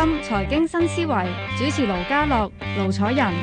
金財經新思維主持盧家樂、盧楚仁，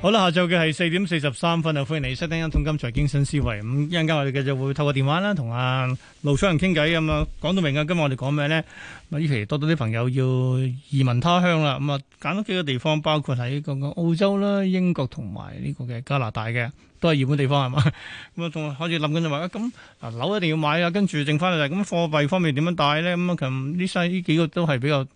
好啦，下晝嘅係四點四十三分啊，歡迎你收聽《金通金財經新思維》。咁一陣間我哋繼續會透過電話啦，同阿盧楚仁傾偈咁啊，講到明啊，今日我哋講咩呢？呢期多咗啲朋友要移民他鄉啦，咁啊，揀咗幾個地方，包括喺個個澳洲啦、英國同埋呢個嘅加拿大嘅。都係熱門地方係嘛？咁啊仲開始諗緊就話啊咁啊樓一定要買啊，跟住剩翻嚟就咁貨幣方面點樣帶咧？咁啊近呢西呢幾個都係比較。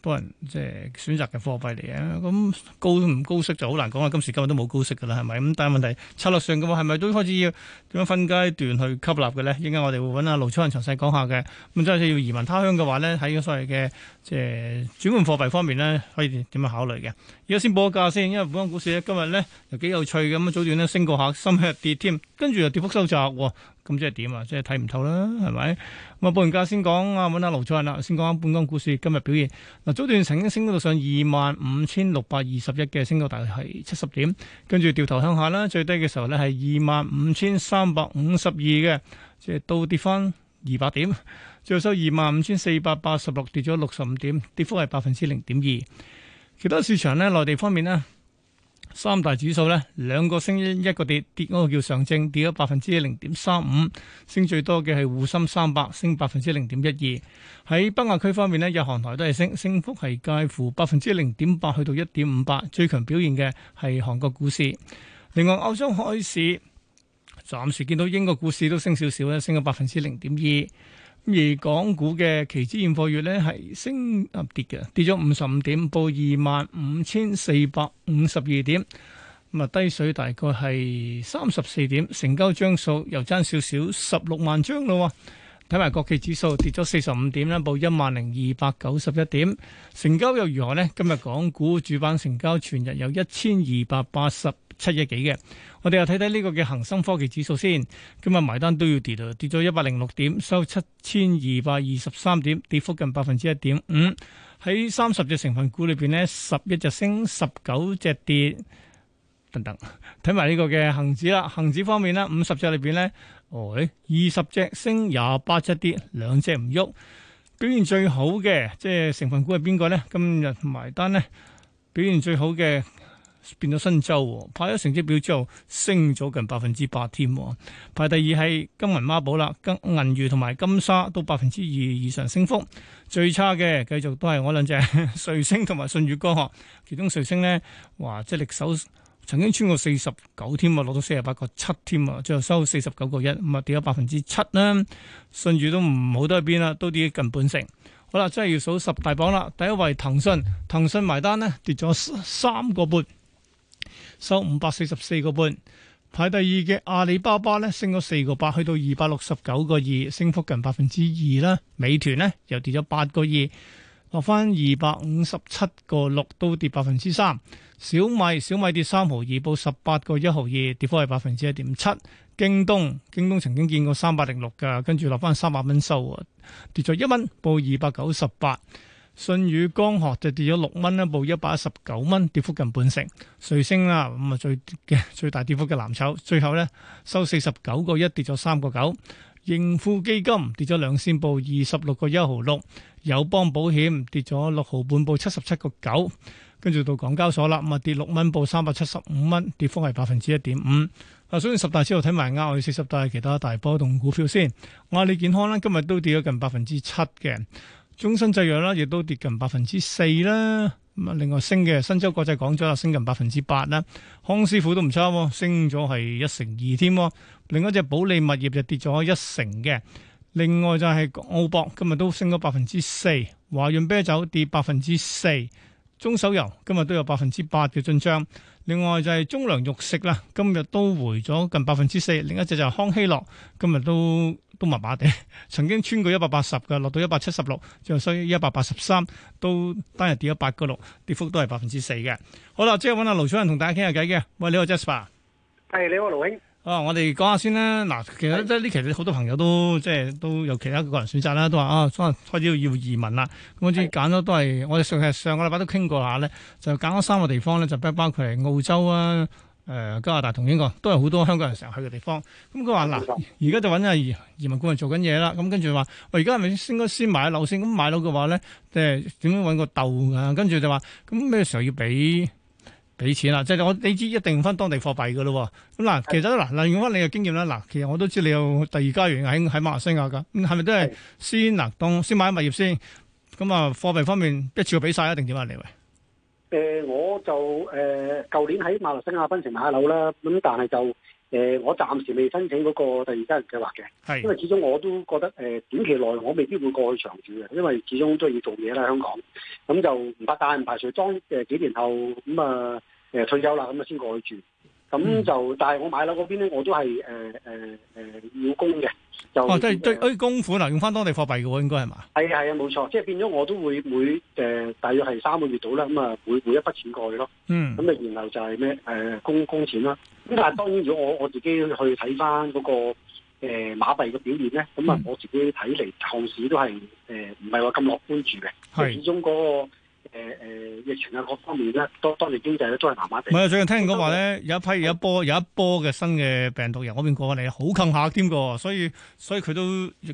多人即係選擇嘅貨幣嚟嘅，咁高唔高息就好難講啊！今時今日都冇高息噶啦，係咪？咁但係問題策略上嘅話，係咪都開始要點樣分階段去吸納嘅咧？應該我哋會揾阿盧楚仁詳細講下嘅。咁即係要移民他鄉嘅話咧，喺所謂嘅即係轉換貨幣方面咧，可以點樣考慮嘅？而家先報個價先，因為本港股市咧今日咧又幾有趣，咁早段呢，升過下，深先跌添，跟住又跌幅收窄。咁即係點啊？即係睇唔透啦，係咪？咁啊報完價先講啊，揾阿盧楚仁啦，先講下本港股市今日表現。嗱早段曾經升到上二萬五千六百二十一嘅，升到大概係七十點，跟住掉頭向下啦。最低嘅時候咧係二萬五千三百五十二嘅，即係倒跌翻二百點，最後收二萬五千四百八十六，跌咗六十五點，跌幅係百分之零點二。其他市場咧，內地方面呢。三大指數咧兩個升一一個跌，跌嗰個叫上證，跌咗百分之零點三五，升最多嘅係滬深三百，升百分之零點一二。喺北亞區方面咧，日韓台都係升，升幅係介乎百分之零點八去到一點五八，最強表現嘅係韓國股市。另外歐洲開市，暫時見到英國股市都升少少咧，升咗百分之零點二。而港股嘅期指現貨月呢，係升啊跌嘅，跌咗五十五點，報二萬五千四百五十二點，咁啊低水大概係三十四點，成交張數又爭少少十六萬張咯。睇埋國企指數跌咗四十五點啦，報一萬零二百九十一點，成交又如何呢？今日港股主板成交全日有一千二百八十。七億幾嘅，我哋又睇睇呢個嘅恒生科技指數先，今日埋單都要跌到跌咗一百零六點，收七千二百二十三點，跌幅近百分之一點五。喺三十隻成分股裏邊呢，十一隻升，十九隻跌。等等，睇埋呢個嘅恒指啦，恒指方面呢，五十隻裏邊呢，哦，二十隻升，廿八隻跌，兩隻唔喐。表現最好嘅即係成分股係邊個呢？今日埋單呢，表現最好嘅。變咗新週，派咗成績表之後，升咗近百分之八添。排第二係金銀孖寶啦，金銀娛同埋金沙都百分之二以上升幅。最差嘅繼續都係我兩隻瑞星同埋舜宇光學，其中瑞星咧，哇，即係力手曾經穿過四十九添啊，落到四十八個七添啊，最後收四十九個一，咁啊跌咗百分之七啦。舜宇都唔好得邊啦，都跌近半成。好啦，真係要數十大榜啦，第一位騰訊，騰訊埋單呢跌咗三個半。收五百四十四個半，排第二嘅阿里巴巴呢升咗四個八，去到二百六十九個二，升幅近百分之二啦。美團呢又跌咗八個二，落翻二百五十七個六，都跌百分之三。小米小米跌三毫二，報十八個一毫二，跌幅係百分之一點七。京東京東曾經見過三百零六噶，跟住落翻三百蚊收啊，跌咗一蚊，報二百九十八。信宇光學就跌咗六蚊一報，一百一十九蚊，跌幅近半成。瑞星啦，咁啊最嘅最大跌幅嘅藍籌，最後呢，收四十九個一，跌咗三個九。盈富基金跌咗兩仙，報二十六個一毫六。友邦保險跌咗六毫半，報七十七個九。跟住到港交所啦，咁啊跌六蚊，報三百七十五蚊，跌幅係百分之一點五。啊，所以十大之後睇埋額外四十大其他大波動股票先。阿里健康啦，今日都跌咗近百分之七嘅。中新製藥啦，亦都跌近百分之四啦。啊，另外升嘅新洲國際講咗啦，升近百分之八啦。康師傅都唔差，升咗係一成二添。另外一隻保利物業就跌咗一成嘅。另外就係澳博今日都升咗百分之四。華潤啤酒跌百分之四。中手遊今日都有百分之八嘅進賬。另外就係中糧肉食啦，今日都回咗近百分之四。另一隻就係康希諾今日都。都麻麻地，曾經穿過一百八十嘅，落到一百七十六，最後收於一百八十三，都單日跌咗八個六，跌幅都係百分之四嘅。好啦，即係揾阿盧楚仁同大家傾下偈嘅。喂，你好，Jasper。係，你好，盧兄。啊，我哋講下先啦。嗱，其實即係呢期咧，好多朋友都即係都有其他個人選擇啦，都話啊，開始要移民啦。咁我哋揀咗都係，我哋上上個禮拜都傾過下咧，就揀咗三個地方咧，就包括嚟澳洲啊。誒、呃、加拿大同英國都係好多香港人成日去嘅地方。咁佢話嗱，而家就揾下移，移民顧問做緊嘢啦。咁跟住話，喂，而家係咪應該先買樓先？咁買樓嘅話咧，即係點樣揾個竇啊？跟住就話，咁、嗯、咩時候要俾俾錢啊？即、就、係、是、我你知一定用翻當地貨幣嘅咯。咁、嗯、嗱，其實嗱，利用翻你嘅經驗啦。嗱，其實我都知道你有第二家園喺喺馬來西亞噶，係咪都係先嗱當、嗯、先買啲物業先？咁、嗯、啊貨幣方面一次過俾晒一定點啊，李誒、呃，我就誒、舊、呃、年喺馬來西亞檳城買樓啦，咁、嗯、但係就誒、呃，我暫時未申請嗰、那個第二家人計劃嘅，係，因為始終我都覺得誒、呃，短期內我未必會過去長住嘅，因為始終都要做嘢啦，香港，咁就唔怕，但係唔排除當誒、呃、幾年後，咁啊誒退休啦，咁啊先過去住，咁、嗯、就、嗯，但係我買樓嗰邊咧，我都係誒誒誒，要供嘅。就哦，即係對啲工款啦，用翻當地貨幣嘅喎，應該係嘛？係啊係啊，冇錯，即係變咗我都會每誒、呃、大約係三個月到啦，咁啊每每一筆錢過去咯。嗯，咁啊然後就係咩誒工工錢啦。咁但係當然，如果我我自己去睇翻嗰個誒、呃、馬幣嘅表現咧，咁、嗯、啊、嗯、我自己睇嚟，後市都係誒唔係話咁樂觀住嘅。係始終嗰、那個。誒、呃、誒，疫情啊，各方面咧，當當地經濟咧都係麻麻地。唔係啊，最近聽人講話咧，有一批有一波、嗯、有一波嘅新嘅病毒由嗰邊過嚟，好近下添嘅，所以所以佢都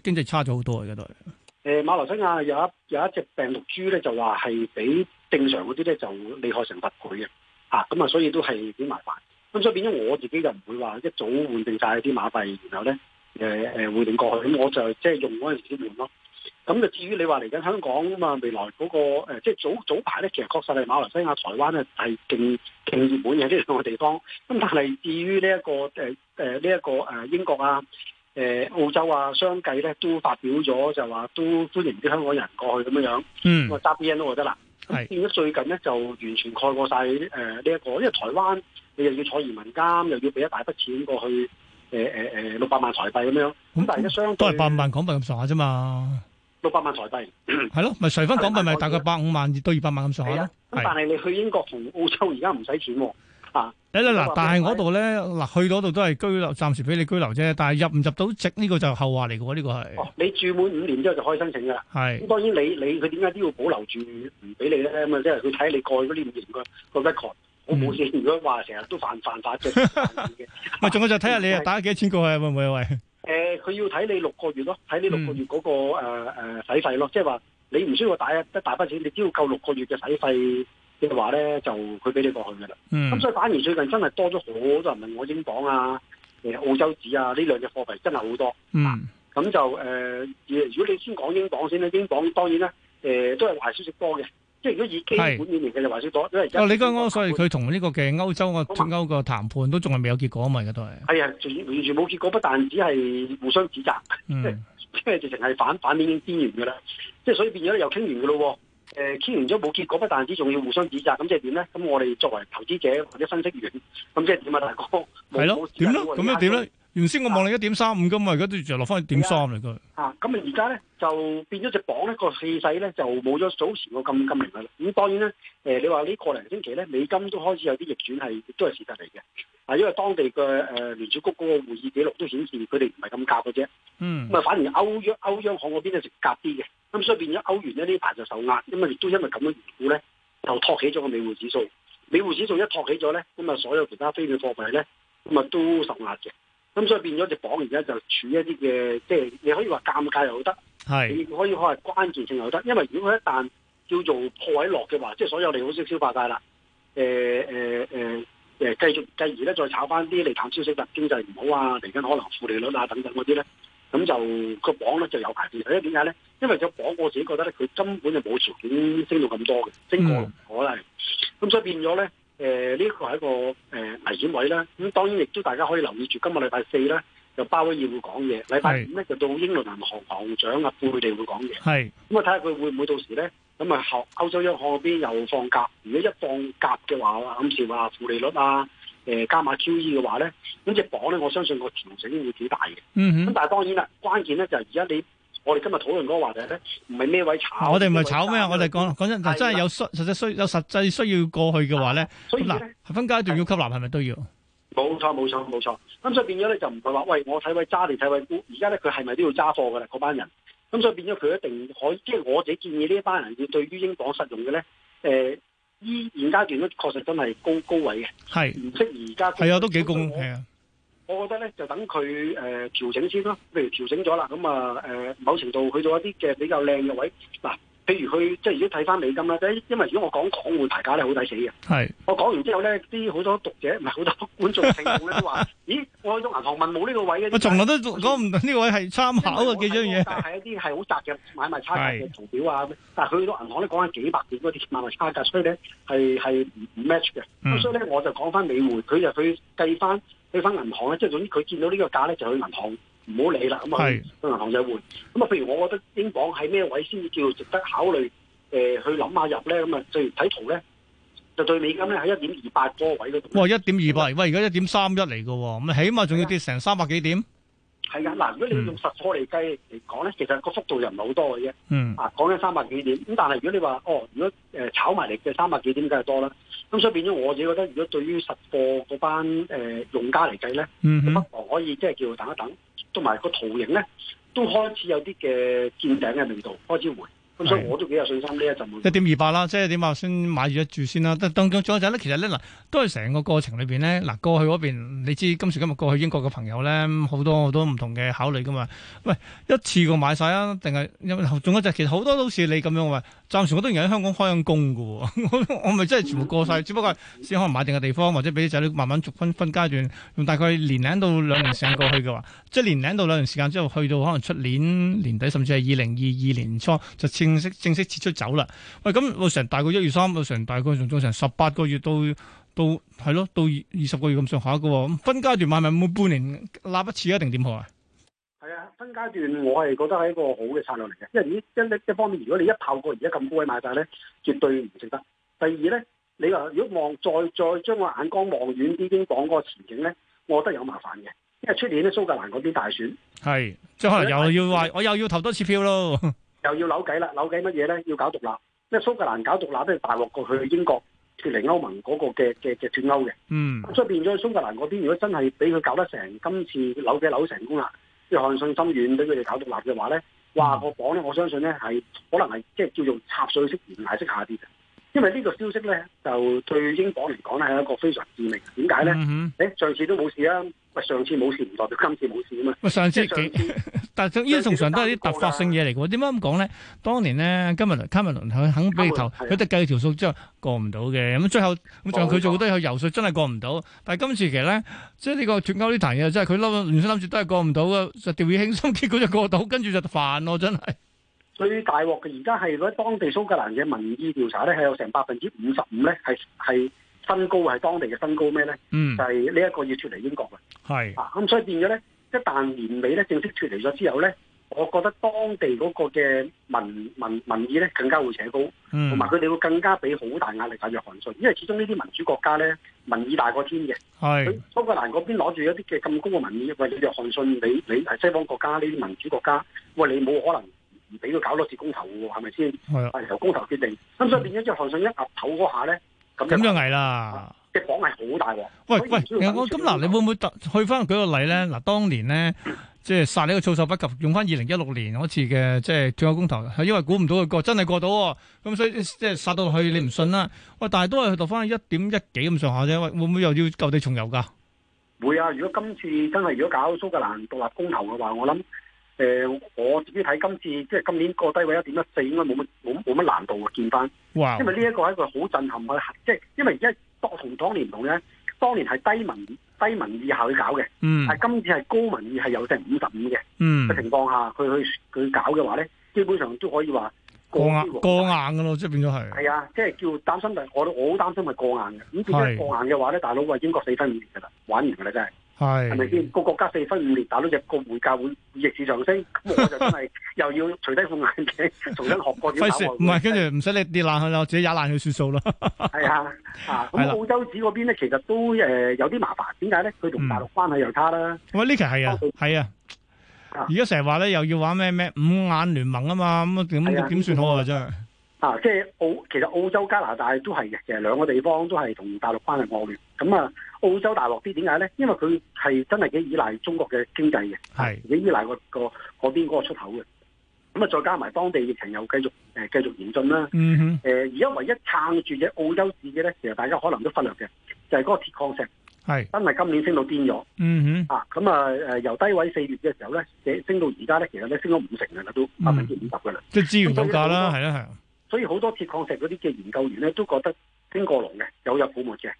經濟差咗好多嘅都。誒、呃、馬來西亞有一有一隻病毒株咧，就話係比正常嗰啲咧就厲害成十倍嘅，啊咁啊，所以都係幾麻煩。咁所以變咗我自己就唔會話一早換定晒啲馬幣，然後咧誒誒換定過去，咁我就即係用嗰陣時換咯。咁就至於你話嚟緊香港啊嘛，未來嗰、那個、呃、即係早早排咧，其實確實係馬來西亞台灣咧係勁勁熱門嘅個地方。咁但係至於呢、這、一個誒誒呢一個誒、呃、英國啊、誒、呃、澳洲啊相繼咧都發表咗就話都歡迎啲香港人過去咁樣嗯，我揸 B N 都得啦。係。變咗最近咧就完全蓋過晒啲呢一個因為台灣你又要坐移民監又要俾一大筆錢過去，誒誒誒六百萬台幣咁樣咁、嗯、但係一相對都係百萬港幣咁上下啫嘛。六百萬台幣，係咯，咪 隨翻港幣咪大概百五萬到二百萬咁上下咯。咁但係你去英國同澳洲而家唔使轉喎、啊，啊！誒嗱，但係嗰度咧，嗱去嗰度都係居留，暫時俾你居留啫。但係入唔入到籍呢、呢個就後話嚟嘅喎，呢、呢個係、哦。你住滿五年之後就可以申請㗎啦。係。咁當然你你佢點解都要保留住唔俾你咧？咁、就、啊、是，即係佢睇你過去嗰啲唔認佢個得確。我冇事，如果話成日都犯犯法嘅，咪仲有就睇下你啊打幾錢過去啊，唔好喂！誒、呃，佢要睇你六個月咯，睇你六個月嗰、那個誒誒使費咯，即係話你唔需要大一一大筆錢，你只要夠六個月嘅使費嘅話咧，就佢俾你過去噶啦。咁、mm. 嗯、所以反而最近真係多咗好多人問我英鎊啊，誒澳洲紙啊呢兩隻貨幣真係好多。咁、mm. 啊、就、誒、呃，如果你先講英鎊先啦，英鎊當然啦，誒、呃、都係壞消息多嘅。即係如果以基本面嚟計，就話少多，因為哦，李家安，所以佢同呢個嘅歐洲嘅脫歐嘅談判都仲係未有結果啊嘛，而家都係係啊，完全冇結果，不但止係互相指責，即係直情係反反面經邊緣㗎啦，即係所以變咗又傾完㗎咯喎，誒、嗯、傾完咗冇結果，不但止仲要互相指責，咁即係點咧？咁我哋作為投資者或者分析員，咁即係點啊，大哥？係咯，點咧？咁又點咧？原先我望你一點三五咁啊，而家都仲落翻去點三嚟嘅。啊，咁啊而家咧就變咗隻鎊咧個氣勢咧就冇咗早前個咁強烈啦。咁當然咧，誒、呃、你話呢個零星期咧，美金都開始有啲逆轉是，係都係事實嚟嘅。啊，因為當地嘅誒、呃、聯儲局嗰個會議記錄都顯示佢哋唔係咁鴿嘅啫。嗯。咁啊，反而歐央歐，歐央行嗰邊咧就夾啲嘅，咁所以變咗歐元呢，呢排就受壓，因亦都因為咁嘅緣故咧，就托起咗個美匯指數。美匯指數一托起咗咧，咁啊所有其他非聯貨幣咧咁啊都受壓嘅。咁、嗯、所以變咗隻鎊而家就處一啲嘅，即、就、係、是、你可以話尷尬又得，你可以話關鍵性又得。因為如果一旦叫做破位落嘅話，即、就、係、是、所有利好消消化晒啦。誒誒誒誒，繼、欸欸、續繼而咧再炒翻啲利淡消息啦。經濟唔好啊，嚟緊可能負利率啊等等嗰啲咧，咁就、這個鎊咧就有排變。因為點解咧？因為個鎊我自己覺得咧，佢根本就冇條件升到咁多嘅，升過唔可啦。咁、嗯嗯、所以變咗咧。誒、呃、呢、這個係一個誒、呃、危險位啦。咁、嗯、當然亦都大家可以留意住，今日禮拜四咧就鮑威爾會講嘢，禮拜五咧就到英倫銀行行長阿貝利會講嘢。係，咁啊睇下佢會唔會到時咧，咁啊，後歐洲央行嗰邊又放鴿，如果一放鴿嘅話，暗示話負利率啊，誒、呃、加碼 QE 嘅話咧，咁、那、隻、個、鎊咧，我相信個調整會幾大嘅。嗯哼。咁但係當然啦，關鍵咧就係而家你。我哋今日討論嗰個話題咧，唔係咩位炒？我哋唔係炒咩？我哋講講真，真係有需，實際需有實際需要過去嘅話咧，咁嗱，分階段要吸納，係咪都要？冇錯，冇錯，冇錯。咁所以變咗咧，就唔係話喂，我睇位揸你睇位沽。而家咧，佢係咪都要揸貨噶啦？嗰班人。咁所以變咗，佢一定可即係我自己建議呢一班人要對於英鎊實用嘅咧。誒、呃，依現階段都確實真係高高位嘅。係。唔識而家。係啊，都幾高，係啊。我覺得咧，就等佢誒、呃、調整先啦。譬如調整咗啦，咁啊誒，某程度去到一啲嘅比較靚嘅位嗱。啊。譬如佢即係如果睇翻美金啦，即係因為如果我講港匯牌價咧好抵死嘅，係我講完之後咧，啲好多讀者唔係好多觀眾聽眾咧都話： 咦，我去到銀行問冇呢個位嘅。 我從來都講唔呢位係參考嘅幾張嘢。但係一啲係好窄嘅買賣差價嘅圖表啊，但係去到銀行咧講緊幾百點嗰啲買賣差價，所以咧係係唔 match 嘅。咁、嗯、所以咧我就講翻美匯，佢就佢計翻去翻銀行咧，即係總之佢見到呢個價咧就去銀行。唔好理啦，咁啊，銀行就換。咁啊，譬如我覺得英鎊喺咩位先至叫值得考慮？誒、呃，去諗下入咧，咁啊，最睇圖咧，就對美金咧喺一點二八個位嗰度。哇、哦，一點二八，喂，而家一點三一嚟嘅，咁起碼仲要跌成三百幾點。係噶，嗱，如果你用實波嚟計嚟講咧，其實個幅度就唔係好多嘅啫。嗯。啊，講緊三百幾點，咁但係如果你話，哦，如果誒炒埋嚟嘅三百幾點多，梗係多啦。咁所以變咗我自己覺得，如果對於實貨嗰班誒、呃、用家嚟計咧，嗯，咁不妨可以即係叫等一等，同埋個圖形咧都開始有啲嘅見頂嘅味道，開始回。咁、嗯、所以我都幾有信心呢一陣，一點二八啦，即係點啊？先買住一住先啦。但當中仲有隻其實呢，嗱，都係成個過程裏面呢。嗱，過去嗰邊你知，今時今日過去英國嘅朋友呢，好多好多唔同嘅考慮噶嘛。喂，一次過買晒啊？定係因為仲有隻其實好多都好似你咁樣話，暫時我都仍喺香港開緊工噶。我我咪真係全部過晒、嗯，只不過先可能買定嘅地方，或者俾啲仔女慢慢逐分分階段，用大概年零到兩年時間過去嘅話，即係年零到兩年時間之後，去到可能出年年底，甚至係二零二二年初就。正式正式撤出走啦！喂，咁我成大概一月三，我成大概仲做成十八個月到到係咯，到二十個月咁上下嘅。咁分階段買咪冇半年立一次，一定點好啊？係啊，啊，分階段我係覺得係一個好嘅策略嚟嘅。因為呢，一一方面，如果你一炮過而家咁高位買晒咧，絕對唔值得。第二咧，你話如果望再再將個眼光望遠啲，先講嗰個前景咧，我覺得有麻煩嘅，因為出年咧蘇格蘭嗰啲大選係即係可能又要話我又要投多次票咯。又要扭計啦，扭計乜嘢咧？要搞獨立，因為蘇格蘭搞獨立都係大陸過去英國脫離歐盟嗰個嘅嘅嘅脫歐嘅。嗯，咁所以變咗蘇格蘭嗰邊，如果真係俾佢搞得成今次扭計扭成功啦，即係信心深遠俾佢哋搞獨立嘅話咧，哇個鎊咧，我相信咧係可能係即係叫做插水式、唔帶式下跌嘅。因為呢個消息咧，就對英鎊嚟講咧係一個非常致命。點解咧？誒，上次都冇事啊，咪上次冇事唔代表今次冇事啊嘛。咪上次幾？但係呢啲通常都係啲突發性嘢嚟嘅。點解咁講咧？當年咧，今日卡梅倫佢肯俾你投，佢得計條數之後過唔到嘅。咁最後咁仲係佢做好多嘢遊說，真係過唔到。但係今次其實咧，即係呢個脱歐呢壇嘢，真係佢諗諗住都係過唔到嘅，就掉以輕心，結果就過到，跟住就煩咯，真係。最大鑊嘅而家係嗰當地蘇格蘭嘅民意調查咧，係有成百分之五十五咧，係係新高，係當地嘅新高咩咧？嗯，就係呢一個要脫離英國嘅。係啊，咁、嗯、所以變咗咧，一旦年尾咧正式脫離咗之後咧，我覺得當地嗰個嘅民民民意咧更加會扯高，同埋佢哋會更加俾好大壓力啊！約翰遜，因為始終呢啲民主國家咧，民意大過天嘅。係蘇格蘭嗰邊攞住一啲嘅咁高嘅民意，喂，約翰遜，你你係西方國家呢啲民主國家，喂，你冇可能。唔俾佢搞多次公投喎，係咪先？係、啊、由公投決定，咁、嗯、所以變咗之後韓信一壓頭嗰下咧，咁咁就危啦，隻房係好大鑊。喂喂，我咁嗱，你會唔會特去翻舉個例咧？嗱、嗯啊，當年咧即係殺呢個措手不及，用翻二零一六年嗰次嘅即係脫歐公投，係因為估唔到佢過，真係過到、哦，咁所以即係、就是、殺到落去你唔信啦。喂，但係都係去到翻一點一幾咁上下啫，會唔會又要舊地重遊噶？會啊！如果今次真係如果搞蘇格蘭獨立公投嘅話，我諗。誒、呃，我自己睇今次即係今年個低位一點一四，應該冇乜冇冇乜難度見翻。哇、wow.！因為呢一個係一個好震撼嘅，即係因為而家同當年唔同咧，當年係低民低民意下去搞嘅，嗯，係今次係高民意係有成五十五嘅，嗯、mm. 嘅情況下，佢去佢搞嘅話咧，基本上都可以話過，過硬過硬嘅咯，即係變咗係。係啊，即係叫擔心，但我我好擔心係過硬嘅，咁如果過硬嘅話咧，大佬喂英國四分五年噶啦，玩完噶啦真係。係，係咪先個國家四分五裂，打到入個匯價會逆市上升，咁 我就真係又要除低副眼鏡，重新學過點打。唔係，跟住唔使你跌爛去咯，我自己踩爛去算數咯。係啊，啊，咁、啊嗯、澳洲紙嗰邊咧，其實都誒、呃、有啲麻煩。點解咧？佢同大陸關係又差啦、嗯。喂，呢期係啊，係啊。而家成日話咧，又要玩咩咩五眼聯盟啊嘛，咁啊，點點算好啊真係。啊，即係澳，其實澳洲加拿大都係嘅，其實兩個地方都係同大陸關係惡劣。咁啊。澳洲大落啲點解咧？因為佢係真係幾依賴中國嘅經濟嘅，係幾、啊、依賴、那個個嗰邊嗰個出口嘅。咁啊，再加埋當地疫情又繼續誒、呃、繼續嚴峻啦。嗯哼。誒而家唯一撐住嘅澳洲市嘅咧，其實大家可能都忽略嘅，就係、是、嗰個鐵礦石係真係今年升到癲咗。嗯哼。啊，咁、嗯嗯、啊誒由低位四月嘅時候咧，升到而家咧，其實咧升咗五成㗎啦，都百分之五十㗎啦。即、嗯、係、就是、資源走價啦，係啦係。所以好多，多鐵礦石嗰啲嘅研究員咧，都覺得升過龍嘅，有入泡沫嘅。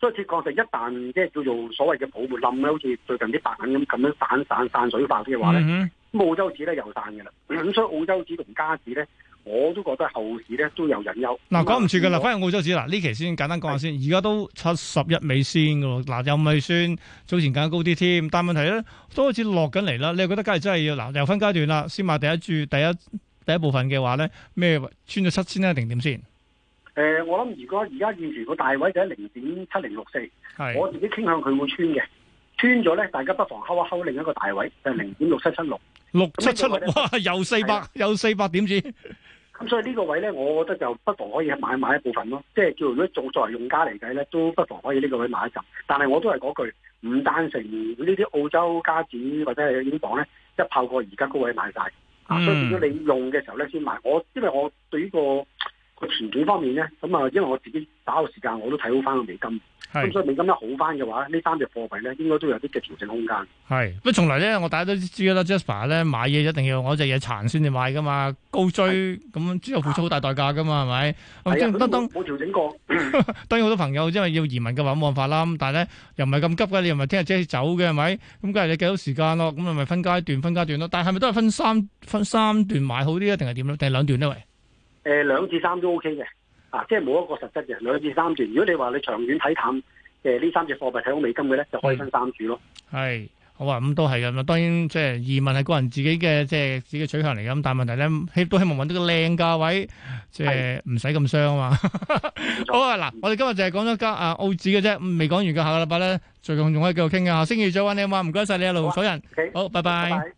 所以鐵礦石一旦即係叫做所謂嘅泡沫冧咧，好似最近啲白銀咁咁樣，樣散散散水爆嘅話咧、嗯，澳洲紙咧又散嘅啦。咁所以澳洲紙同加紙咧，我都覺得後市咧都有隱憂。嗱，講唔住㗎啦，翻去澳洲紙。嗱，呢期先簡單講下先。而家都七十一美先嘅嗱，又唔係算早前更高啲添。但問題咧都開始落緊嚟啦。你覺得梗係真係要嗱又分階段啦，先買第一注第一第一部分嘅話咧咩穿咗七千咧定點先？誒、呃，我諗如果而家現時個大位就喺零點七零六四，係我自己傾向佢會穿嘅，穿咗咧，大家不妨敲一敲另一個大位，就係零點六七七六，六七七六哇，又 四百又四百點子。咁所以呢個位咧，我覺得就不妨可以買一買一部分咯，即係叫如果做作為用家嚟計咧，都不妨可以呢個位買一陣。但係我都係嗰句，唔贊成呢啲澳洲家紙或者係英鎊咧，一炮過而家高位買晒、嗯。啊，所以如果你用嘅時候咧先買，我因為我對呢個。個前景方面咧，咁啊，因為我自己打個時間，我都睇好翻個美金，咁所以美金一好翻嘅話，呢三隻貨幣咧，應該都有啲嘅調整空間。係，咁從嚟咧，我大家都知啦，Jasper 咧，買嘢一定要我隻嘢殘先至買噶嘛，高追咁之後付出好大代價噶嘛，係、啊、咪？係。等等、啊，冇調整過。 當然好多朋友因為要移民嘅話冇辦法啦，咁但係咧又唔係咁急噶，你又唔係聽日即刻走嘅係咪？咁梗係你計到時間咯、啊，咁啊咪分階段，分階段咯。但係係咪都係分三分三段買好啲啊？定係點咧？定兩段呢？喂？誒，兩至三都 OK 嘅，啊，即係冇一個實質嘅，兩至三段。如果你話你長遠睇淡，誒呢三隻貨幣睇好美金嘅咧，就可以分三注咯。係，好啊，咁都係嘅。咁啊，當然即係移民係個人自己嘅，即係自己取向嚟咁。但係問題咧，希都希望揾到個靚價位，即係唔使咁傷啊嘛。好啊，嗱，我哋今日就係講咗加啊澳紙嘅啫，未講完嘅下個禮拜咧，仲仲可以繼續傾嘅。下星期再揾你啊嘛，唔該晒你啊，盧楚仁，好，拜拜。